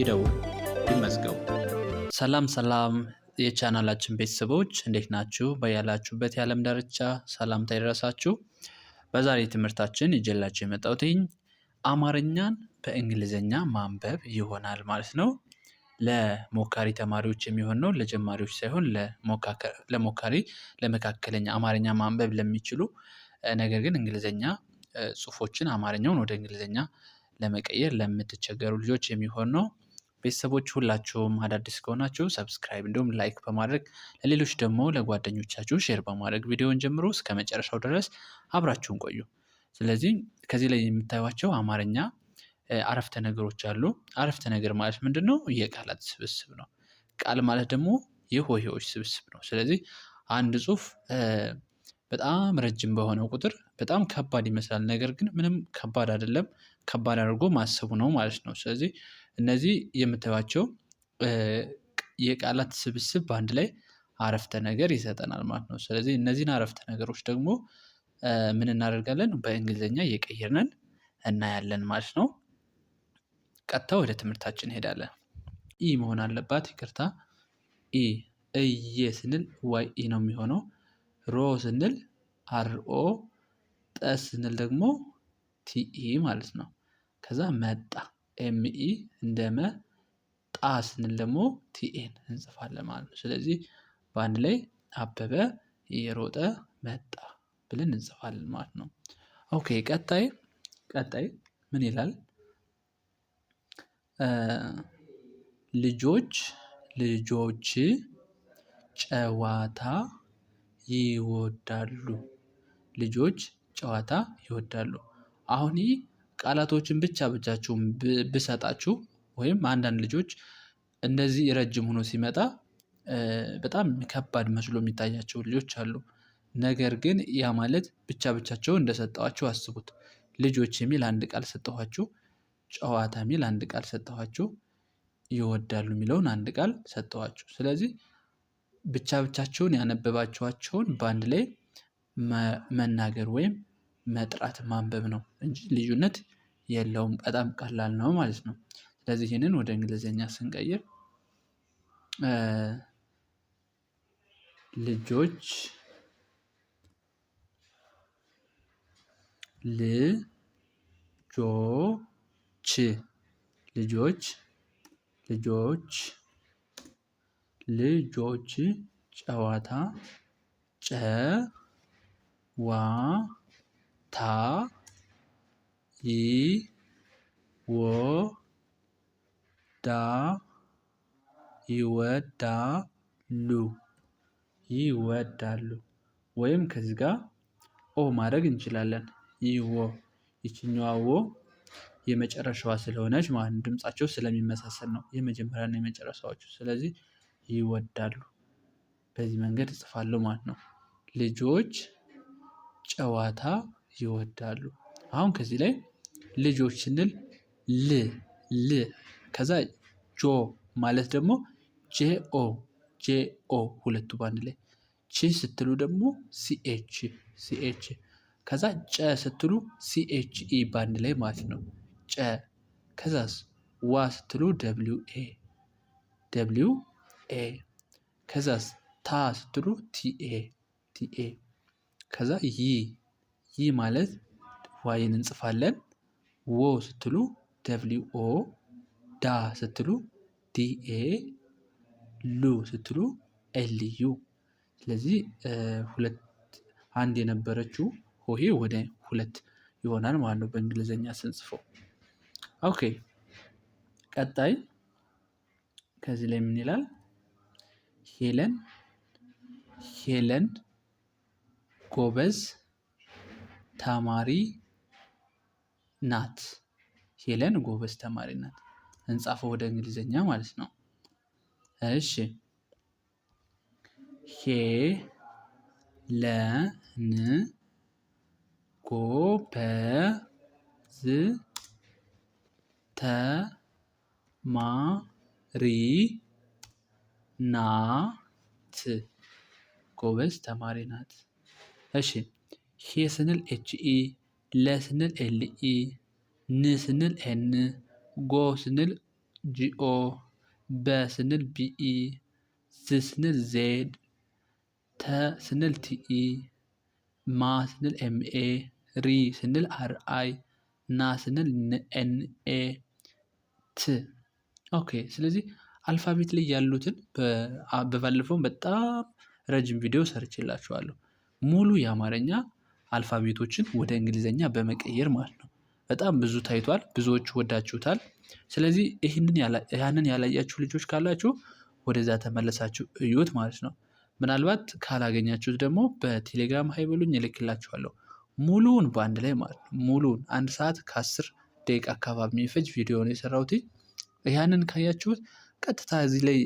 ይደውል፣ ይመዝገቡ። ሰላም ሰላም የቻናላችን ቤተሰቦች እንዴት ናችሁ? በያላችሁበት የዓለም ዳርቻ ሰላምታ ይድረሳችሁ። በዛሬ ትምህርታችን ይዤላችሁ የመጣሁት አማርኛን በእንግሊዝኛ ማንበብ ይሆናል ማለት ነው። ለሞካሪ ተማሪዎች የሚሆን ነው። ለጀማሪዎች ሳይሆን ለሞካሪ ለመካከለኛ አማርኛ ማንበብ ለሚችሉ ነገር ግን እንግሊዝኛ ጽሁፎችን አማርኛውን ወደ እንግሊዝኛ ለመቀየር ለምትቸገሩ ልጆች የሚሆን ነው። ቤተሰቦች ሁላችሁም አዳዲስ ከሆናችሁ ሰብስክራይብ እንዲሁም ላይክ በማድረግ ለሌሎች ደግሞ ለጓደኞቻችሁ ሼር በማድረግ ቪዲዮውን ጀምሮ እስከ መጨረሻው ድረስ አብራችሁን ቆዩ። ስለዚህ ከዚህ ላይ የምታዩቸው አማርኛ አረፍተ ነገሮች አሉ። አረፍተ ነገር ማለት ምንድን ነው? የቃላት ስብስብ ነው። ቃል ማለት ደግሞ የሆሄዎች ስብስብ ነው። ስለዚህ አንድ ጽሁፍ በጣም ረጅም በሆነ ቁጥር በጣም ከባድ ይመስላል። ነገር ግን ምንም ከባድ አይደለም። ከባድ አድርጎ ማሰቡ ነው ማለት ነው። ስለዚህ እነዚህ የምታዩቸው የቃላት ስብስብ በአንድ ላይ አረፍተ ነገር ይሰጠናል ማለት ነው። ስለዚህ እነዚህን አረፍተ ነገሮች ደግሞ ምን እናደርጋለን? በእንግሊዝኛ እየቀየርነን እናያለን ማለት ነው። ቀጥታ ወደ ትምህርታችን እንሄዳለን። ኢ መሆን አለባት። ይቅርታ ኢ እየ ስንል ዋይ ኢ ነው የሚሆነው። ሮ ስንል አርኦ፣ ጠ ስንል ደግሞ ቲኢ ማለት ነው። ከዛ መጣ ኤምኢ እንደመ ጣ ስንል ደግሞ ቲኤን እንጽፋለን ማለት ነው። ስለዚህ በአንድ ላይ አበበ እየሮጠ መጣ ብለን እንጽፋለን ማለት ነው። ኦኬ ቀጣይ ቀጣይ ምን ይላል? ልጆች ልጆች ጨዋታ ይወዳሉ። ልጆች ጨዋታ ይወዳሉ። አሁን ይህ ቃላቶችን ብቻ ብቻችሁን ብሰጣችሁ ወይም አንዳንድ ልጆች እንደዚህ ረጅም ሆኖ ሲመጣ በጣም ከባድ መስሎ የሚታያቸው ልጆች አሉ። ነገር ግን ያ ማለት ብቻ ብቻቸውን እንደሰጠኋችሁ አስቡት። ልጆች የሚል አንድ ቃል ሰጠኋችሁ፣ ጨዋታ የሚል አንድ ቃል ሰጠኋችሁ፣ ይወዳሉ የሚለውን አንድ ቃል ሰጠኋችሁ። ስለዚህ ብቻ ብቻቸውን ያነበባችኋቸውን በአንድ ላይ መናገር ወይም መጥራት ማንበብ ነው እንጂ ልዩነት የለውም በጣም ቀላል ነው ማለት ነው። ስለዚህ ይህንን ወደ እንግሊዘኛ ስንቀይር ልጆች ልጆች ልጆች ልጆች ልጆች ጨዋታ ጨዋ ታ ይ ወ ዳ ይወዳሉ ይወዳሉ ወይም ከዚህ ጋር ኦ ማድረግ እንችላለን። ይወ ይችኛዋ ወ የመጨረሻዋ ስለሆነች ማለት ነው። ድምጻቸው ስለሚመሳሰል ነው የመጀመሪያና የመጨረሻዎቹ። ስለዚህ ይወዳሉ በዚህ መንገድ እጽፋለሁ ማለት ነው። ልጆች ጨዋታ ይወዳሉ። አሁን ከዚህ ላይ ልጆች ስንል ል ል ከዛ ጆ ማለት ደግሞ ጄኦ ጄኦ ሁለቱ በአንድ ላይ ቺ ስትሉ ደግሞ ሲኤች ሲኤች ከዛ ጨ ስትሉ ሲኤችኢ በአንድ ባንድ ላይ ማለት ነው። ጨ ከዛስ ዋ ስትሉ ደብሊው ኤ ደብሊው ኤ ከዛስ ታ ስትሉ ቲኤ ቲኤ ከዛ ይ ይህ ማለት ዋይን እንጽፋለን። ዎ ስትሉ ደብሊው ኦ፣ ዳ ስትሉ ዲኤ፣ ሉ ስትሉ ኤልዩ። ስለዚህ ሁለት አንድ የነበረችው ሆሄ ወደ ሁለት ይሆናል ማለት ነው በእንግሊዝኛ ስንጽፈው። ኦኬ ቀጣይ ከዚህ ላይ ምን ይላል? ሄለን ሄለን ጎበዝ ተማሪ ናት። ሄለን ጎበዝ ተማሪ ናት። እንጻፈው ወደ እንግሊዘኛ ማለት ነው። እሺ ሄለን ጎበዝ ተማሪ ናት። ጎበዝ ተማሪ ናት። እሺ ሄ ስንል ኤች ኢ፣ ለ ስንል ኤል ኢ፣ ን ስንል ኤን፣ ጎ ስንል ጂኦ፣ በ ስንል ቢኢ፣ ዝ ስንል ዜድ፣ ተ ስንል ቲኢ፣ ማ ስንል ኤምኤ፣ ሪ ስንል አርአይ፣ ና ስንል ኤ ት ኦኬ። ስለዚህ አልፋቤት ላይ ያሉትን በባለፈውም በጣም ረጅም ቪዲዮ ሰርችላችኋለሁ። ሙሉ የአማርኛ አልፋቤቶችን ወደ እንግሊዘኛ በመቀየር ማለት ነው። በጣም ብዙ ታይቷል፣ ብዙዎች ወዳችሁታል። ስለዚህ ይህንን ያላያችሁ ልጆች ካላችሁ ወደዛ ተመለሳችሁ እዩት ማለት ነው። ምናልባት ካላገኛችሁት ደግሞ በቴሌግራም ሀይበሉኝ እልክላችኋለሁ። ሙሉውን በአንድ ላይ ማለት ነው። ሙሉውን አንድ ሰዓት ከአስር ደቂቃ አካባቢ የሚፈጅ ቪዲዮ ነው የሰራሁት። ያንን ካያችሁት ቀጥታ እዚህ ላይ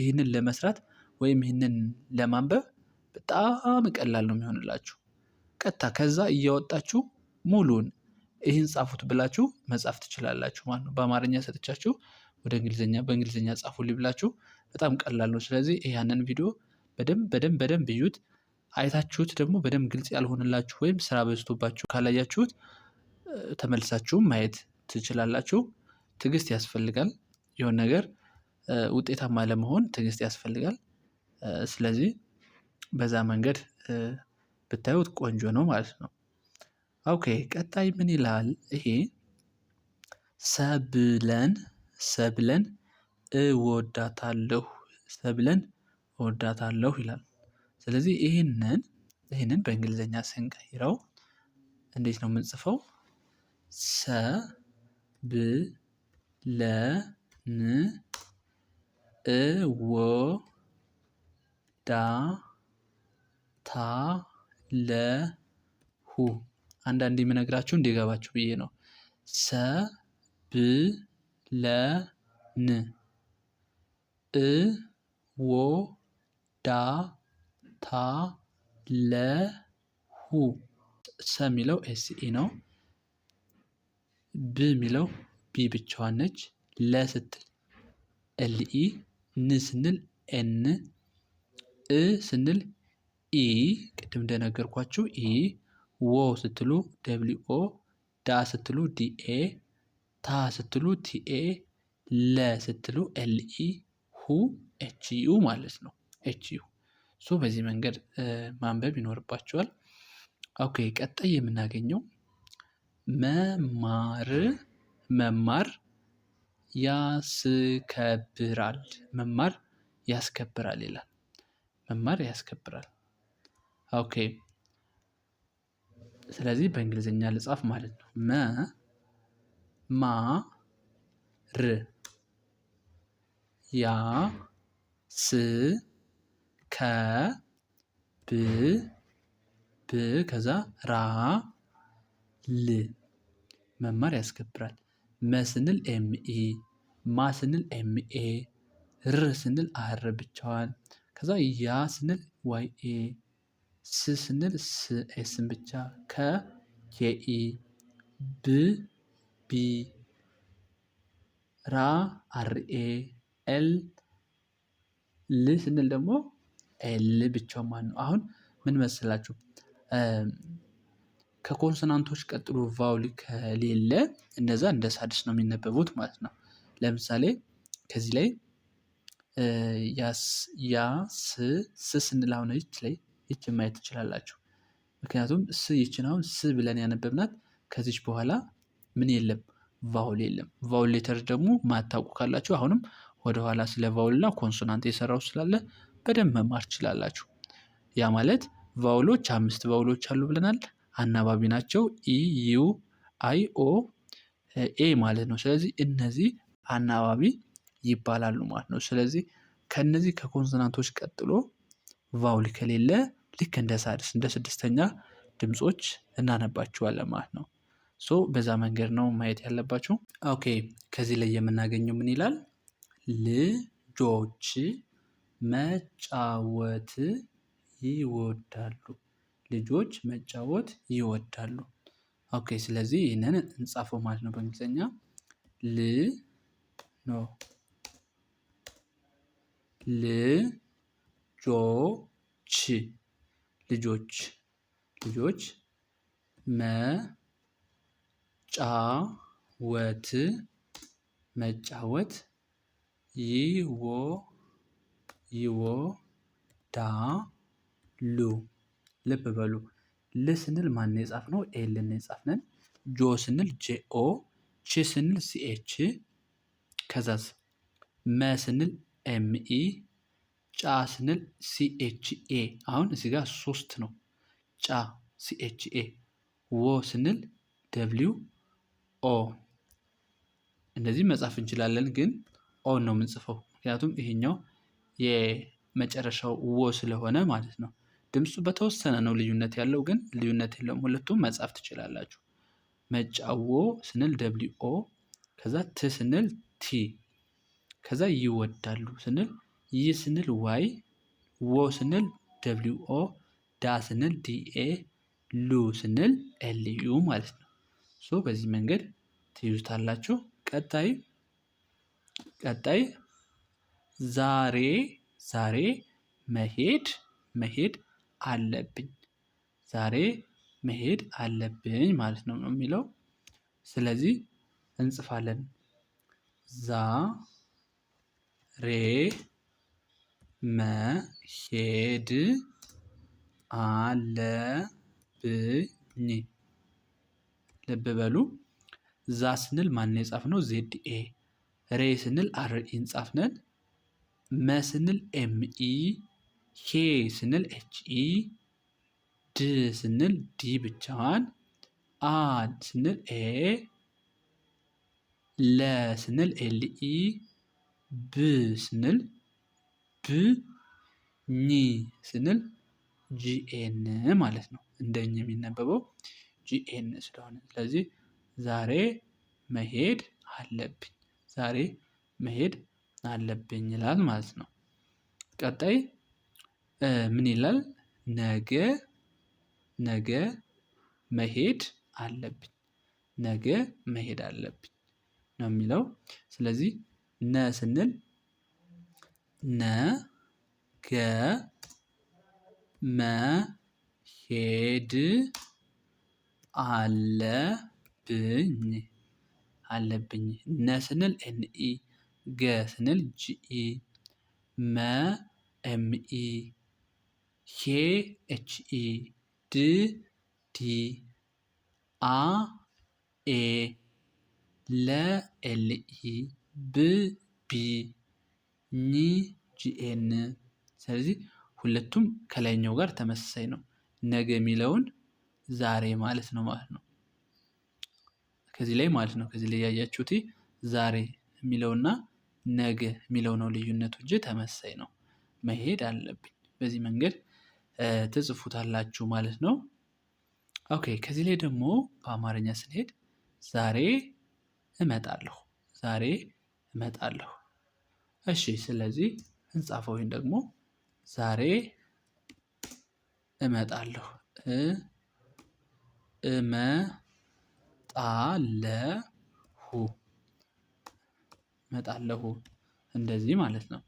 ይህንን ለመስራት ወይም ይህንን ለማንበብ በጣም ቀላል ነው የሚሆንላችሁ። ቀጥታ ከዛ እያወጣችሁ ሙሉን ይህን ጻፉት ብላችሁ መጻፍ ትችላላችሁ ማለት ነው። በአማርኛ ሰጥቻችሁ ወደ እንግሊዝኛ በእንግሊዝኛ ጻፉልኝ ብላችሁ በጣም ቀላል ነው። ስለዚህ ያንን ቪዲዮ በደንብ በደንብ በደንብ እዩት። አይታችሁት ደግሞ በደንብ ግልጽ ያልሆንላችሁ ወይም ስራ በዝቶባችሁ ካላያችሁት ተመልሳችሁም ማየት ትችላላችሁ። ትዕግስት ያስፈልጋል። የሆነ ነገር ውጤታማ ለመሆን ትዕግስት ያስፈልጋል። ስለዚህ በዛ መንገድ ብታዩት ቆንጆ ነው ማለት ነው። ኦኬ ቀጣይ ምን ይላል ይሄ? ሰብለን ሰብለን እወዳታለሁ ሰብለን እወዳታለሁ ይላል። ስለዚህ ይህንን ይህንን በእንግሊዝኛ ስንቀይረው እንዴት ነው የምንጽፈው? ሰ ብ ለ ን እ ወ ዳ ታ ለሁ አንዳንድ የምነግራችሁ እንዲገባችሁ ብዬ ነው። ሰ ብ ለ ን እ ወ ዳ ታ ለ ሁ ሰ የሚለው ኤስኢ ነው። ብ የሚለው ቢ ብቻዋን ነች። ለ ስትል ኤልኢ ን ስንል ኤን እ ስንል ኢ ቅድም እንደነገርኳችሁ ኢ ዎ ስትሉ ደብሊው ኦ ዳ ስትሉ ዲኤ ታ ስትሉ ቲኤ ለ ስትሉ ኤልኢ ሁ ኤች ዩ ማለት ነው። ኤች ዩ ሶ በዚህ መንገድ ማንበብ ይኖርባቸዋል። ኦኬ ቀጣይ የምናገኘው መማር መማር ያስከብራል መማር ያስከብራል ይላል። መማር ያስከብራል ኦኬ ስለዚህ በእንግሊዝኛ ልጻፍ ማለት ነው። መ ማ ር ያ ስ ከ ብ ብ ከዛ ራ ል መማር ያስከብራል። መ ስንል ኤምኢ ማ ስንል ኤምኤ ር ስንል አር ብቻዋን ከዛ ያ ስንል ዋይ ኤ ስ ስንል ስ ኤስን ብቻ ከ የኢ ብ ቢ ራ አርኤ ኤል ል ስንል ደግሞ ኤል ብቻው ማን ነው። አሁን ምን መሰላችሁ ከኮንሶናንቶች ቀጥሎ ቫውል ከሌለ እነዛ እንደ ሳድስ ነው የሚነበቡት ማለት ነው። ለምሳሌ ከዚህ ላይ ያ ስ ስንል አሁን ላይ ይች ማየት ትችላላችሁ። ምክንያቱም ስ ይችን አሁን ስ ብለን ያነበብናት ከዚች በኋላ ምን የለም ቫውል የለም። ቫውል ሌተር ደግሞ ማታውቁ ካላችሁ አሁንም ወደኋላ ስለ ቫውልና ኮንሶናንት የሰራው ስላለ በደንብ መማር ትችላላችሁ። ያ ማለት ቫውሎች አምስት ቫውሎች አሉ ብለናል። አናባቢ ናቸው። ኢ ዩ አይ ኦ ኤ ማለት ነው። ስለዚህ እነዚህ አናባቢ ይባላሉ ማለት ነው። ስለዚህ ከነዚህ ከኮንሶናንቶች ቀጥሎ ቫውል ከሌለ ልክ እንደ ሳድስ እንደ ስድስተኛ ድምጾች እናነባቸዋለን ማለት ነው። ሶ በዛ መንገድ ነው ማየት ያለባችሁ። ኦኬ ከዚህ ላይ የምናገኘው ምን ይላል? ልጆች መጫወት ይወዳሉ። ልጆች መጫወት ይወዳሉ። ኦኬ ስለዚህ ይህንን እንጻፈው ማለት ነው በእንግሊዝኛ ል ኖ ልጆ ልጆች ልጆች መጫወት መጫወት ይዎ ይወዳሉ። ልብ በሉ ል ስንል ማን ነው ኤልን የጻፍነን። ጆ ስንል ጄኦ፣ ች ስንል ሲኤች፣ ከዛዝ መ ስንል ኤምኢ ጫ ስንል ሲኤችኤ አሁን እዚ ጋር ሶስት ነው። ጫ ሲኤችኤ ወ ስንል ደብሊው ኦ እነዚህ መጻፍ እንችላለን፣ ግን ኦ ነው የምንጽፈው ምክንያቱም ይሄኛው የመጨረሻው ወ ስለሆነ ማለት ነው። ድምፁ በተወሰነ ነው ልዩነት ያለው፣ ግን ልዩነት የለውም። ሁለቱም መጻፍ ትችላላችሁ። መጫዎ ስንል ደብሊው ኦ ከዛ ት ስንል ቲ ከዛ ይወዳሉ ስንል ይ ስንል ዋይ፣ ዎ ስንል ደብሊው ኦ፣ ዳ ስንል ዲኤ፣ ሉ ስንል ኤልዩ ማለት ነው። ሶ በዚህ መንገድ ትይዙታላችሁ። ቀጣይ ቀጣይ ዛሬ ዛሬ መሄድ መሄድ አለብኝ ዛሬ መሄድ አለብኝ ማለት ነው ነው የሚለው ስለዚህ እንጽፋለን ዛ ሬ መሄድ አለብኝ። ልብ በሉ። ዛ ስንል የጻፍ የጻፍነው? ዜድ ኤ። ሬ ስንል አር ኢን ጻፍነን። መ ስንል ኤም ኢ። ሄ ስንል ኤች ኢ። ድ ስንል ዲ ብቻዋን። አ ስንል ኤ። ለ ስንል ኤል ኢ። ብ ስንል ኝ ስንል ጂኤን ማለት ነው። እንደኝ የሚነበበው ጂኤን ስለሆነ ስለዚህ ዛሬ መሄድ አለብኝ፣ ዛሬ መሄድ አለብኝ ይላል ማለት ነው። ቀጣይ ምን ይላል? ነገ ነገ መሄድ አለብኝ፣ ነገ መሄድ አለብኝ ነው የሚለው። ስለዚህ ነ ስንል ነ ገ መ ሄድ አለብኝ አለብኝ ነ ስንል ኤንኢ ገ ስንል ጂኢ መ ኤምኢ ሄ ኤችኢ ድ ዲ አ ኤ ለ ኤልኢ ብ ቢ ኒ ጂኤን። ስለዚህ ሁለቱም ከላይኛው ጋር ተመሳሳይ ነው። ነገ የሚለውን ዛሬ ማለት ነው ማለት ነው። ከዚህ ላይ ማለት ነው ከዚህ ላይ ያያችሁት ዛሬ የሚለውና ነገ የሚለው ነው ልዩነቱ እንጂ ተመሳሳይ ነው። መሄድ አለብኝ በዚህ መንገድ ትጽፉታላችሁ ማለት ነው። ኦኬ ከዚህ ላይ ደግሞ በአማርኛ ስንሄድ ዛሬ እመጣለሁ፣ ዛሬ እመጣለሁ እሺ ስለዚህ እንጻፈው። ይህን ደግሞ ዛሬ እመጣለሁ እመጣለሁ እመጣለሁ እንደዚህ ማለት ነው።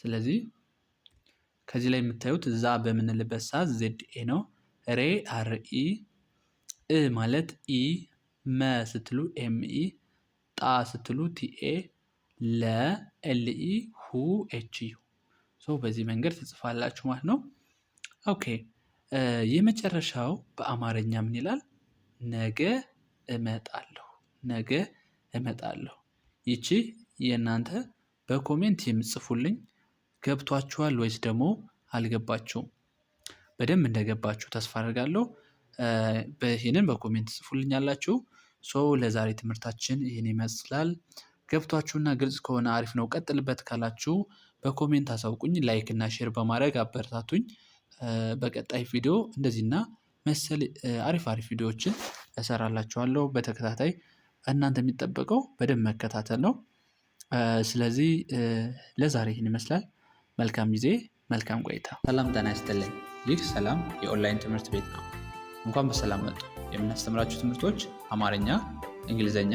ስለዚህ ከዚህ ላይ የምታዩት እዛ በምንልበት ሰዓት ዜድ ኤ ነው። ሬ አር ኢ እ ማለት ኢ መ ስትሉ ኤም ኢ ጣ ስትሉ ቲኤ ለ ኤልኢ ሁ ኤች ዩ ሶ በዚህ መንገድ ትጽፋላችሁ ማለት ነው። ኦኬ የመጨረሻው በአማርኛ ምን ይላል? ነገ እመጣለሁ፣ ነገ እመጣለሁ። ይቺ የእናንተ በኮሜንት የምጽፉልኝ ገብቷችኋል ወይስ ደግሞ አልገባችሁም? በደንብ እንደገባችሁ ተስፋ አድርጋለሁ። ይህንን በኮሜንት ጽፉልኝ ያላችሁ። ሶ ለዛሬ ትምህርታችን ይህን ይመስላል። ገብቷችሁና ግልጽ ከሆነ አሪፍ ነው፣ ቀጥልበት ካላችሁ በኮሜንት አሳውቁኝ። ላይክ እና ሼር በማድረግ አበረታቱኝ። በቀጣይ ቪዲዮ እንደዚህና መሰል አሪፍ አሪፍ ቪዲዮዎችን እሰራላችኋለሁ በተከታታይ። እናንተ የሚጠበቀው በደንብ መከታተል ነው። ስለዚህ ለዛሬ ይህን ይመስላል። መልካም ጊዜ፣ መልካም ቆይታ። ሰላም ጤና ይስጥልኝ። ይህ ሰላም የኦንላይን ትምህርት ቤት ነው። እንኳን በሰላም መጡ። የምናስተምራችሁ ትምህርቶች አማርኛ፣ እንግሊዝኛ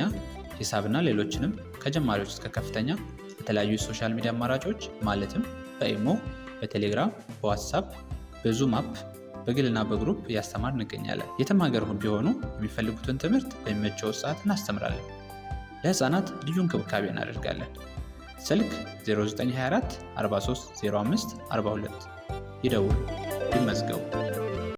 ሂሳብና ሌሎችንም ከጀማሪዎች እስከ ከፍተኛ በተለያዩ የሶሻል ሚዲያ አማራጮች ማለትም በኢሞ፣ በቴሌግራም፣ በዋትሳፕ፣ በዙም አፕ በግልና በግሩፕ እያስተማር እንገኛለን። የትም ሀገር ቢሆኑ የሚፈልጉትን ትምህርት በሚመቸው ሰዓት እናስተምራለን። ለህፃናት ልዩ እንክብካቤ እናደርጋለን። ስልክ 0924 4305 42 ይደውሉ፣ ይመዝገቡ።